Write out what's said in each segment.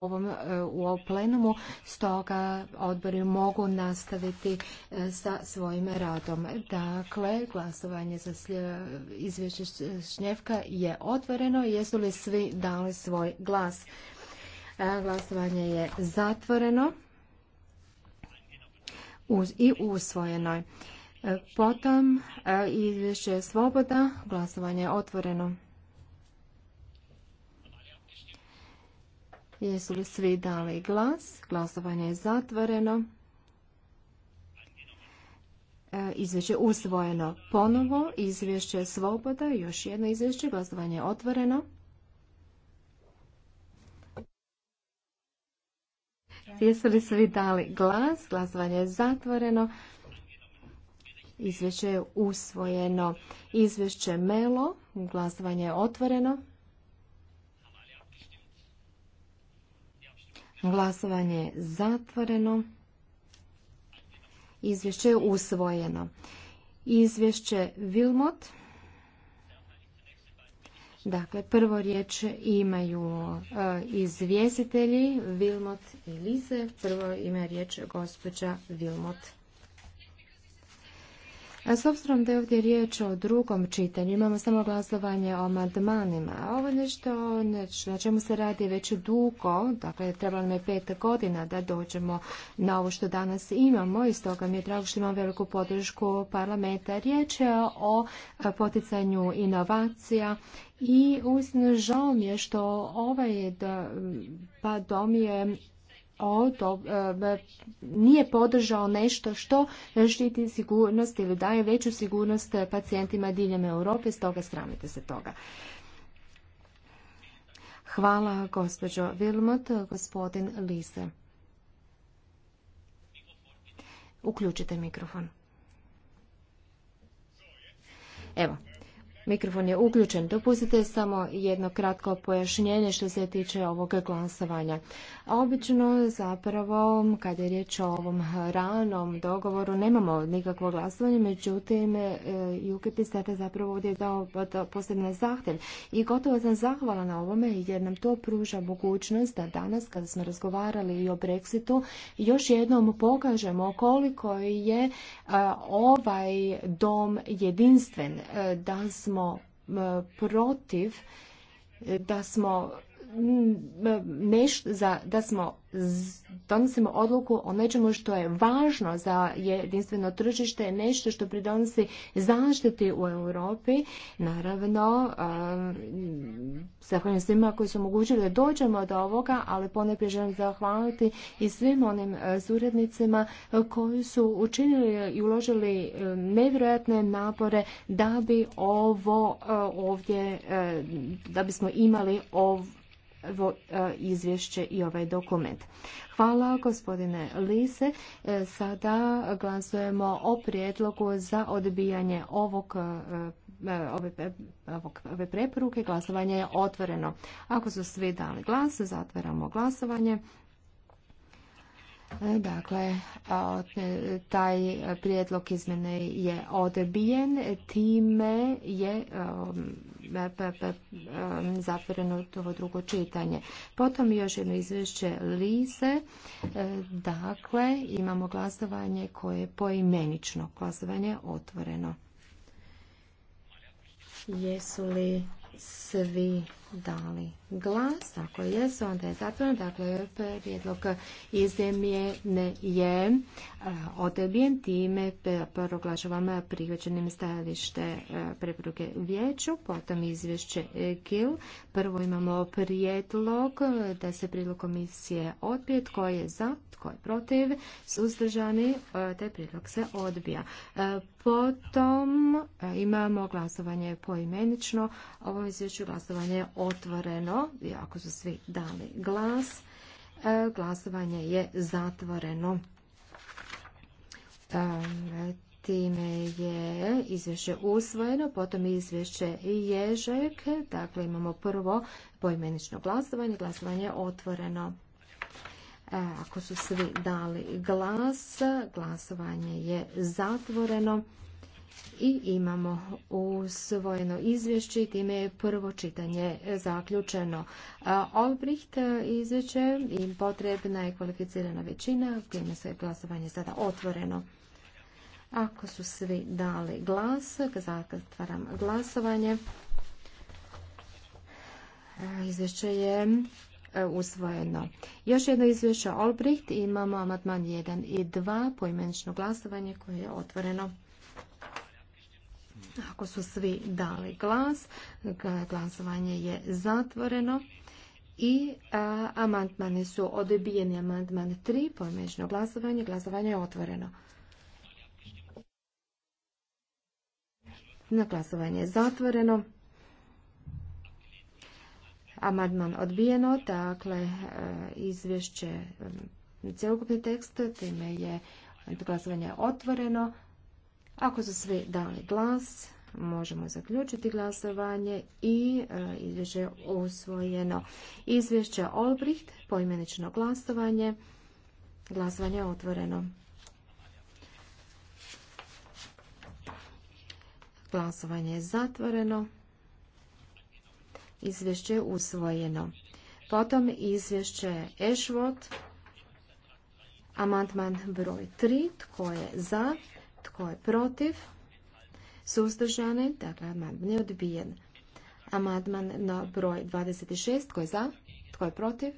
ovom, e, u ovom plenumu, stoga odbori mogu nastaviti e, sa svojim radom. Dakle, glasovanje za izvješće Šnjevka je otvoreno. Jesu li svi dali svoj glas? E, glasovanje je zatvoreno i usvojeno. Potom izvješće Svoboda, glasovanje je otvoreno. Jesu li svi dali glas? Glasovanje je zatvoreno. E, izvješće usvojeno ponovo. Izvješće svoboda. Još jedno izvješće. Glasovanje je otvoreno. Jesu li svi dali glas? Glasovanje je zatvoreno. Izvješće je usvojeno. Izvješće Melo. Glasovanje je otvoreno. Glasovanje je zatvoreno. Izvješće je usvojeno. Izvješće Vilmot. Dakle, prvo riječ imaju e, izvjesitelji Vilmot i Lize. Prvo ima riječ gospođa Vilmot. S obzirom da je ovdje riječ o drugom čitanju, imamo samo glasovanje o amandmanima. Ovo je nešto na čemu se radi već dugo, dakle trebalo nam je pet godina da dođemo na ovo što danas imamo i stoga mi je drago što imamo veliku podršku parlamenta. Riječ je o poticanju inovacija i uistinu žao mi je što ovaj da, pa dom je E, nije podržao nešto što štiti sigurnost ili daje veću sigurnost pacijentima diljem Europe, stoga sramite se toga. Hvala gospođo Vilmot, gospodin Lise. Uključite mikrofon. Evo. Mikrofon je uključen. Dopustite samo jedno kratko pojašnjenje što se tiče ovog glasovanja. Obično zapravo kada je riječ o ovom ranom dogovoru nemamo nikakvo glasovanje, međutim e, UKIP sada zapravo ovdje dao posebne zahtjev i gotovo sam zahvala na ovome jer nam to pruža mogućnost da danas kada smo razgovarali i o Brexitu još jednom pokažemo koliko je e, ovaj dom jedinstven e, da smo smo protiv da smo neš, za, da smo donosimo odluku o nečemu što je važno za jedinstveno tržište, nešto što pridonosi zaštiti u Europi. Naravno, um, zahvaljujem svima koji su omogućili da dođemo do ovoga, ali ponajprije želim zahvaliti i svim onim e, suradnicima koji su učinili i uložili e, nevjerojatne napore da bi ovo e, ovdje, da bismo imali ovo E, izvješće i ovaj dokument. Hvala gospodine Lise. E, sada glasujemo o prijedlogu za odbijanje ovog e, ove, ove preporuke. Glasovanje je otvoreno. Ako su svi dali glas, zatvaramo glasovanje. E, dakle, taj prijedlog izmjene je odbijen, time je zatvoreno ovo drugo čitanje. Potom još jedno izvješće Lise. E, dakle, imamo glasovanje koje je poimenično. Glasovanje je otvoreno. Jesu li svi dali glas. Ako jesu, onda je zatvoren. Dakle, prijedlog ne je e, odebijen, Time proglašavam prihvaćenim stajalište e, preporuke vijeću, potom izvješće GIL. Prvo imamo prijedlog da se prijedlog komisije odbije. Tko je za, tko je protiv, suzdržani, e, taj prijedlog se odbija. Potom imamo glasovanje poimenično. Ovo izvješću glasovanje otvoreno i ako su svi dali glas, e, glasovanje je zatvoreno. E, time je izvješće usvojeno, potom izvješće Ježek. Dakle, imamo prvo poimenično glasovanje. Glasovanje je otvoreno. E, ako su svi dali glas, glasovanje je zatvoreno i imamo usvojeno izvješće i time je prvo čitanje e, zaključeno. Olbricht e, izvješće i potrebna je kvalificirana većina, time se glasovanje sada otvoreno. Ako su svi dali glas, zatvaram glasovanje. E, izvješće je usvojeno. Još jedno izvješće Olbricht, imamo amatman 1 i 2, poimenično glasovanje koje je otvoreno. Ako su svi dali glas, glasovanje je zatvoreno i amandmani su odbijeni. Amandman 3, pojmeđeno glasovanje, glasovanje je otvoreno. Na glasovanje je zatvoreno. Amandman odbijeno, dakle e, izvješće cjelokupni tekst, time je glasovanje je otvoreno. Ako su svi dali glas, možemo zaključiti glasovanje i e, izvješće je usvojeno. Izvješće Olbricht, poimenično glasovanje. Glasovanje je otvoreno. Glasovanje je zatvoreno. Izvješće je usvojeno. Potom izvješće Ešvot, amantman broj 3, tko je za, tko je protiv? Suzdržani? Dakle, amandman je odbijen. Amadman na broj 26. Tko je za? Tko je protiv?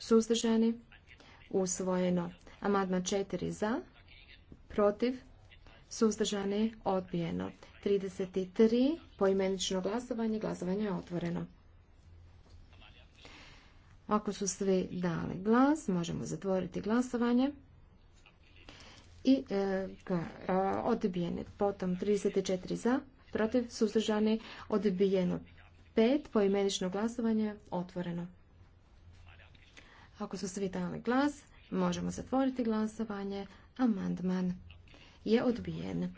Suzdržani? Usvojeno. Amandman 4 za? Protiv? Suzdržani? Odbijeno. 33. Poimenično glasovanje. Glasovanje je otvoreno. Ako su svi dali glas, možemo zatvoriti glasovanje i e, odbijene. Potom 34 za, protiv, suzdržani, odbijeno. 5 poimenično glasovanje otvoreno. Ako su svi dali glas, možemo zatvoriti glasovanje. Amandman je odbijen.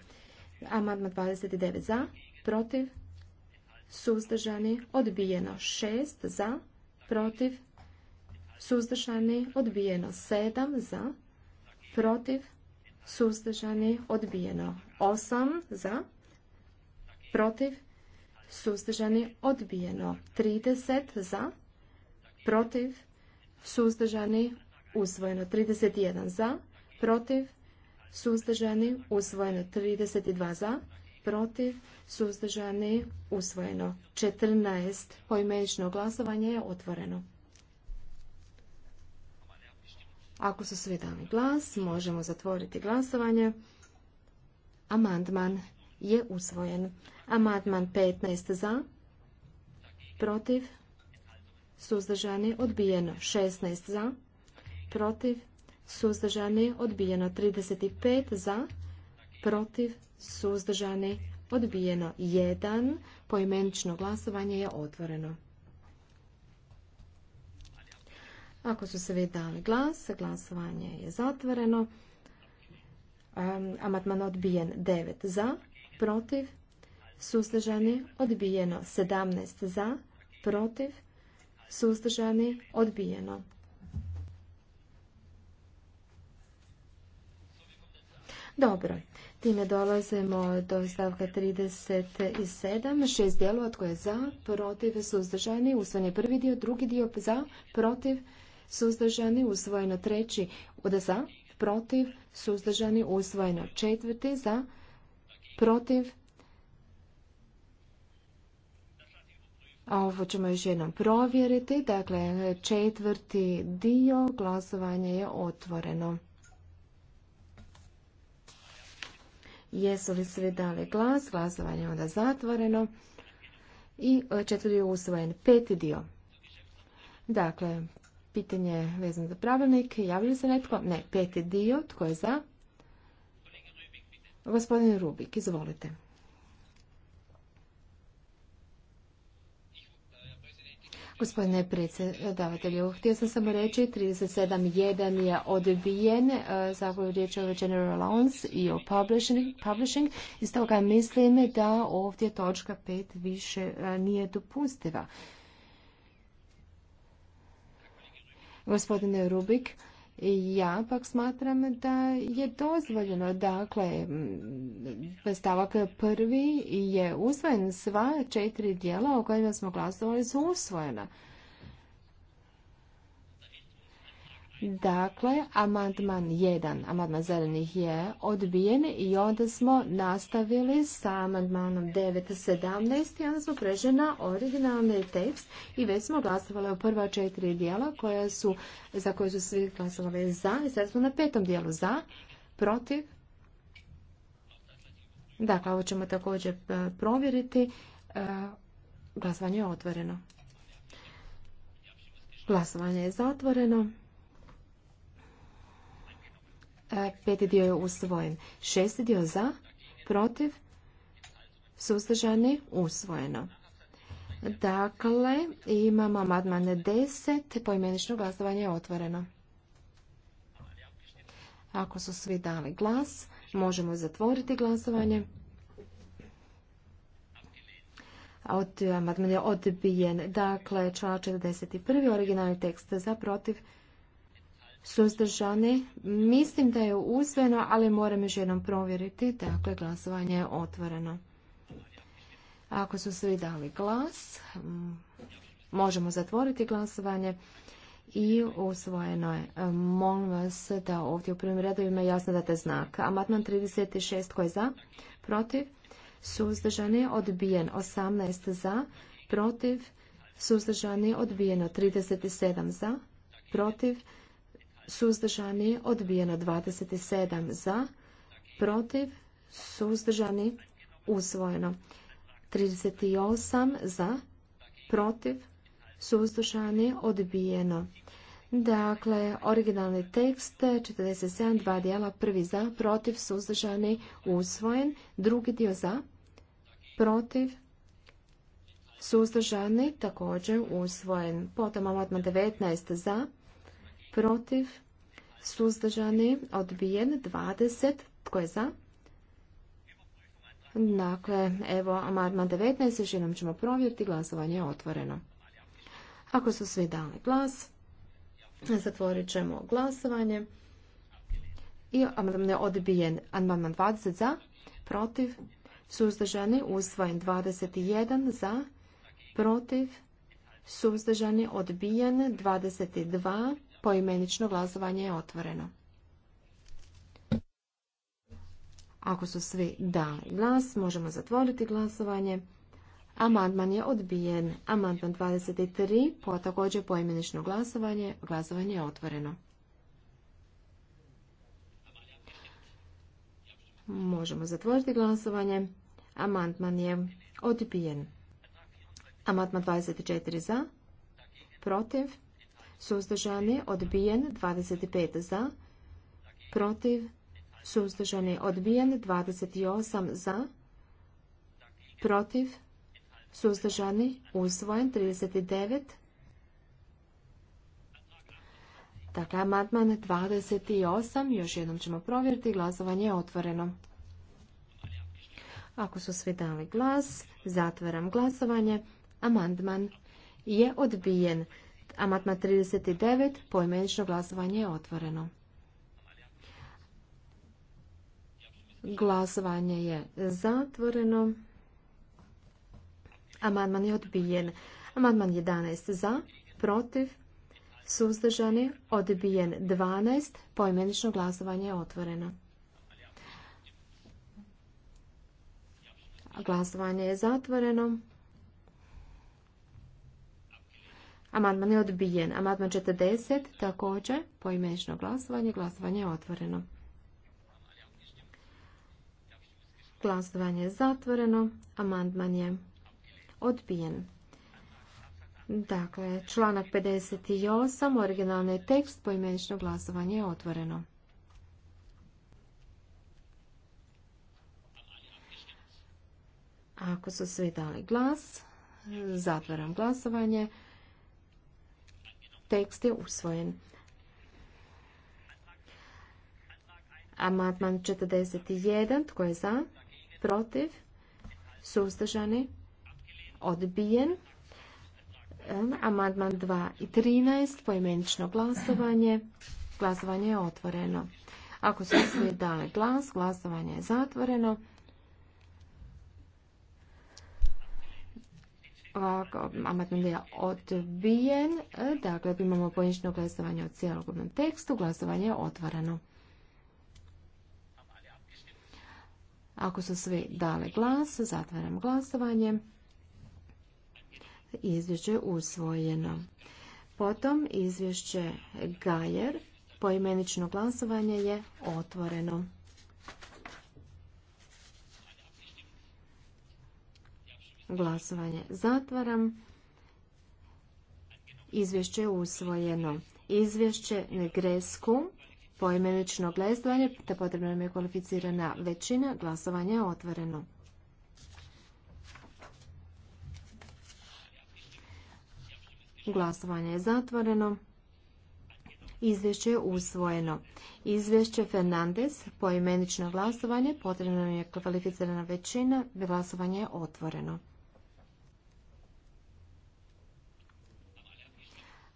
Amandman 29 za, protiv, suzdržani, odbijeno 6 za, protiv, suzdržani, odbijeno 7 za, protiv, suzdržani, odbijeno. 8 za, protiv, suzdržani, odbijeno. Trideset za, protiv, suzdržani, usvojeno. 31 za, protiv, suzdržani, usvojeno. 32 za, protiv, suzdržani, usvojeno. 14 poimenično glasovanje je otvoreno. Ako su svi dali glas, možemo zatvoriti glasovanje. Amandman je usvojen. Amandman 15 za, protiv, suzdržani, odbijeno 16 za, protiv, suzdržani, odbijeno 35 za, protiv, suzdržani, odbijeno 1. Poimenično glasovanje je otvoreno. Ako su svi dali glas, glasovanje je zatvoreno. Um, amatman odbijen 9 za, protiv, suzdržani, odbijeno 17 za, protiv, suzdržani, odbijeno. Dobro, time dolazimo do stavka 37, šest dijelova, tko je za, protiv, suzdržani, usvan je prvi dio, drugi dio za, protiv, suzdržani, usvojeno treći za, protiv, suzdržani, usvojeno četvrti za, protiv. A ovo ćemo još jednom provjeriti. Dakle, četvrti dio glasovanja je otvoreno. Jesu li svi dali glas? Glasovanje je onda zatvoreno. I e, četvrti je usvojen. Peti dio. Dakle, pitanje vezano za pravilnik. Javlja li se netko? Ne. Peti dio. Tko je za? Gospodin Rubik, izvolite. Gospodine predsjedavatelju, htio sam samo reći 37.1 je odbijen e, za je riječ o General Allowance i o publishing, publishing i mislim da ovdje točka 5 više e, nije dopustiva. Gospodine Rubik, ja pak smatram da je dozvoljeno. Dakle, stavak prvi je usvojen sva četiri dijela o kojima smo glasovali su usvojena. Dakle, amandman 1, amandman zelenih je odbijen i onda smo nastavili sa amandmanom 9.17 i onda smo prešli na originalni tekst i već smo glasovali o prva četiri dijela koja su, za koje su svi glasovali za i sad smo na petom dijelu za, protiv. Dakle, ovo ćemo također e, provjeriti. E, glasovanje je otvoreno. Glasovanje je zatvoreno. E, peti dio je usvojen. Šesti dio za, protiv, suzdržani, usvojeno. Dakle, imamo amadman 10, poimenično glasovanje je otvoreno. Ako su svi dali glas, možemo zatvoriti glasovanje. Od, je odbijen. Dakle, članak 41. originalni tekst za, protiv, suzdržani. Mislim da je usvojeno, ali moram još jednom provjeriti. Dakle, glasovanje je otvoreno. Ako su svi dali glas, možemo zatvoriti glasovanje i usvojeno je. Molim vas da ovdje u prvim redovima jasno date znak. Amatman 36 koji je za, protiv, suzdržani, odbijen 18 za, protiv, suzdržani, odbijeno 37 za, protiv, suzdržani, odbijeno 27 za, protiv, suzdržani, usvojeno 38 za, protiv, suzdržani, odbijeno. Dakle, originalni tekst 47, dva dijela, prvi za, protiv, suzdržani, usvojen, drugi dio za, protiv, suzdržani, također usvojen. Potom amatma 19 za, protiv, suzdržani, odbijen, 20, tko je za? Dakle, evo, amandman 19, još jednom ćemo provjeriti, glasovanje je otvoreno. Ako su svi dali glas, zatvorit ćemo glasovanje. I amandman je odbijen, amandman 20 za, protiv, suzdržani, usvojen 21 za, protiv, suzdržani, odbijen 22 Poimenično glasovanje je otvoreno. Ako su svi dali glas, možemo zatvoriti glasovanje. Amandman je odbijen. Amandman 23, po također poimenično glasovanje, glasovanje je otvoreno. Možemo zatvoriti glasovanje. Amandman je odbijen. Amandman 24 za, protiv, suzdržani, odbijen, 25 za, protiv, suzdržani, odbijen, 28 za, protiv, suzdržani, usvojen, 39. Dakle, amandman 28, još jednom ćemo provjeriti, glasovanje je otvoreno. Ako su svi dali glas, zatvaram glasovanje, amandman je odbijen. Amatma 39, poimenično glasovanje je otvoreno. Glasovanje je zatvoreno. Amandman je odbijen. Amandman 11 za, protiv, suzdržani, odbijen 12, poimenično glasovanje je otvoreno. Glasovanje je zatvoreno. Amandman je odbijen. Amandman 40 također poimenično glasovanje. Glasovanje je otvoreno. Glasovanje je zatvoreno. Amandman je odbijen. Dakle, članak 58, originalni tekst, poimenično glasovanje je otvoreno. Ako su svi dali glas, zatvaram glasovanje. Tekst je usvojen. Amatman 41. Tko je za? Protiv? Suzdržani? Odbijen. Amandman 2 i 13. pojmenično glasovanje. Glasovanje je otvoreno. Ako su svi dali glas, glasovanje je zatvoreno. Ovako, amandman je odbijen. Dakle, imamo pojedinačno glasovanje o cjelokupnom tekstu. Glasovanje je otvoreno. Ako su svi dale glas, zatvaram glasovanje. Izvješće je usvojeno. Potom izvješće Gajer. Poimenično glasovanje je otvoreno. Glasovanje zatvaram. Izvješće je usvojeno. Izvješće Negresku poimenično glasovanje, te potrebno nam je kvalificirana većina. Glasovanje je otvoreno. Glasovanje je zatvoreno. Izvješće je usvojeno. Izvješće Fernandez, poimenično glasovanje, potrebno nam je kvalificirana većina, glasovanje je otvoreno.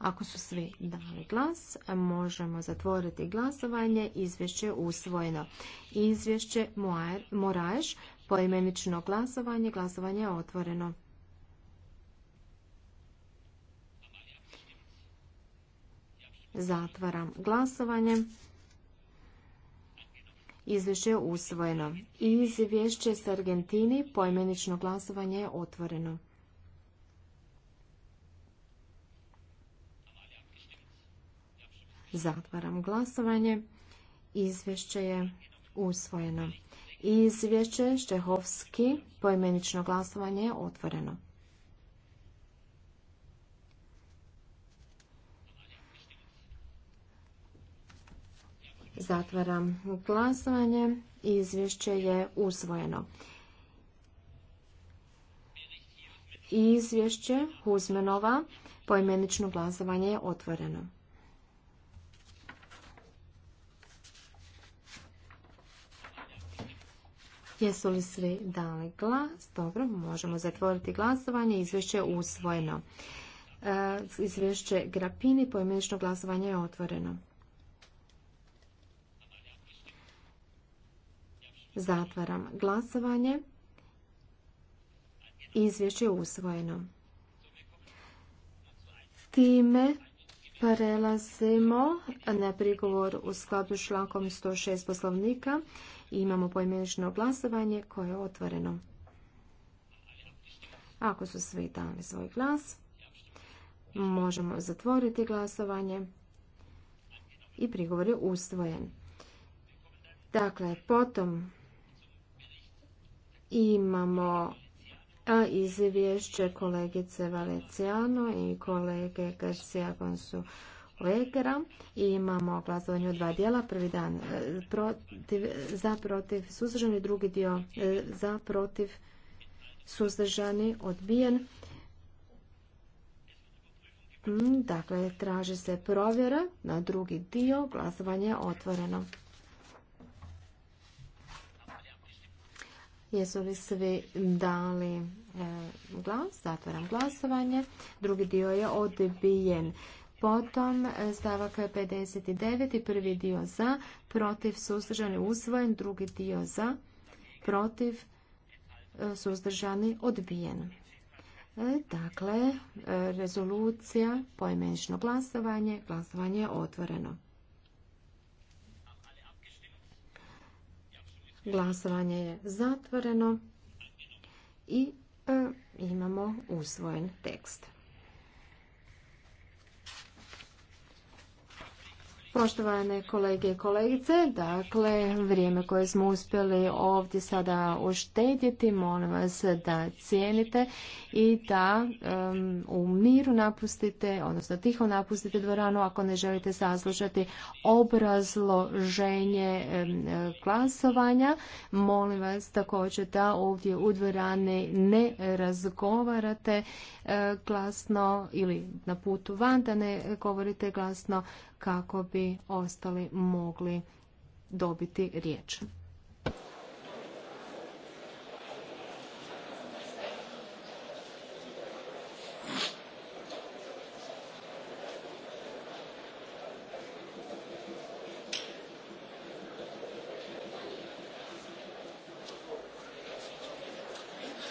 Ako su svi dali glas, možemo zatvoriti glasovanje. Izvješće je usvojeno. Izvješće Moraš, poimenično glasovanje. Glasovanje je otvoreno. Zatvaram glasovanje. Izvješće je usvojeno. Izvješće s Argentini, poimenično glasovanje je otvoreno. Zatvaram glasovanje. Izvješće je usvojeno. Izvješće Štehovski, poimenično glasovanje je otvoreno. Zatvaram glasovanje. Izvješće je usvojeno. Izvješće Huzmenova, poimenično glasovanje je otvoreno. Jesu li svi dali glas? Dobro, možemo zatvoriti glasovanje. Izvješće je usvojeno. E, izvješće Grapini, pojmenično glasovanje je otvoreno. Zatvaram glasovanje. Izvješće je usvojeno. Time Prelazimo na prigovor u skladu s člankom 106 poslovnika. Imamo poimenično glasovanje koje je otvoreno. Ako su svi dali svoj glas, možemo zatvoriti glasovanje i prigovor je ustvojen. Dakle, potom imamo a izvješće kolegice Valenciano i kolege Garcia Gonsu Legera. I imamo glasovanje u dva dijela. Prvi dan e, protiv, za protiv suzdržani, drugi dio e, za protiv suzdržani, odbijen. Mm, dakle, traži se provjera na drugi dio. Glasovanje otvoreno. Jesu li svi dali e, glas? Zatvaram glasovanje. Drugi dio je odbijen. Potom e, stavak 59 prvi dio za, protiv suzdržani usvojen, drugi dio za, protiv e, suzdržani odbijen. Dakle, rezolucija, pojmenično glasovanje, glasovanje je otvoreno. Glasovanje je zatvoreno i e, imamo usvojen tekst. Poštovane kolege i kolegice, dakle, vrijeme koje smo uspjeli ovdje sada uštedjeti, molim vas da cijenite i da u miru napustite, odnosno tiho napustite dvoranu ako ne želite saslušati obrazloženje glasovanja. Molim vas također da ovdje u dvorani ne razgovarate eh, glasno ili na putu van da ne govorite glasno kako bi ostali mogli dobiti riječ.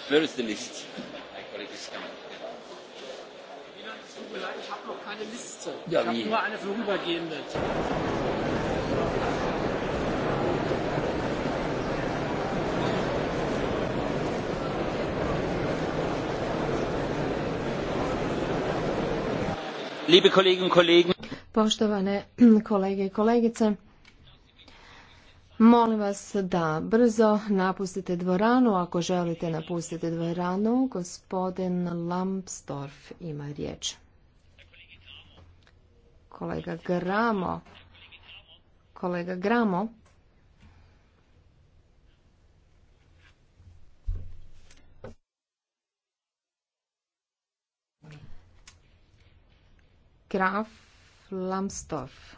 Where the list? eine Ja, Poštovane kolege i kolegice, Molim vas da brzo napustite dvoranu. Ako želite napustiti dvoranu, gospodin Lambsdorff ima riječ kolega Gramo. Kolega Gramo. Graf Lambsdorff.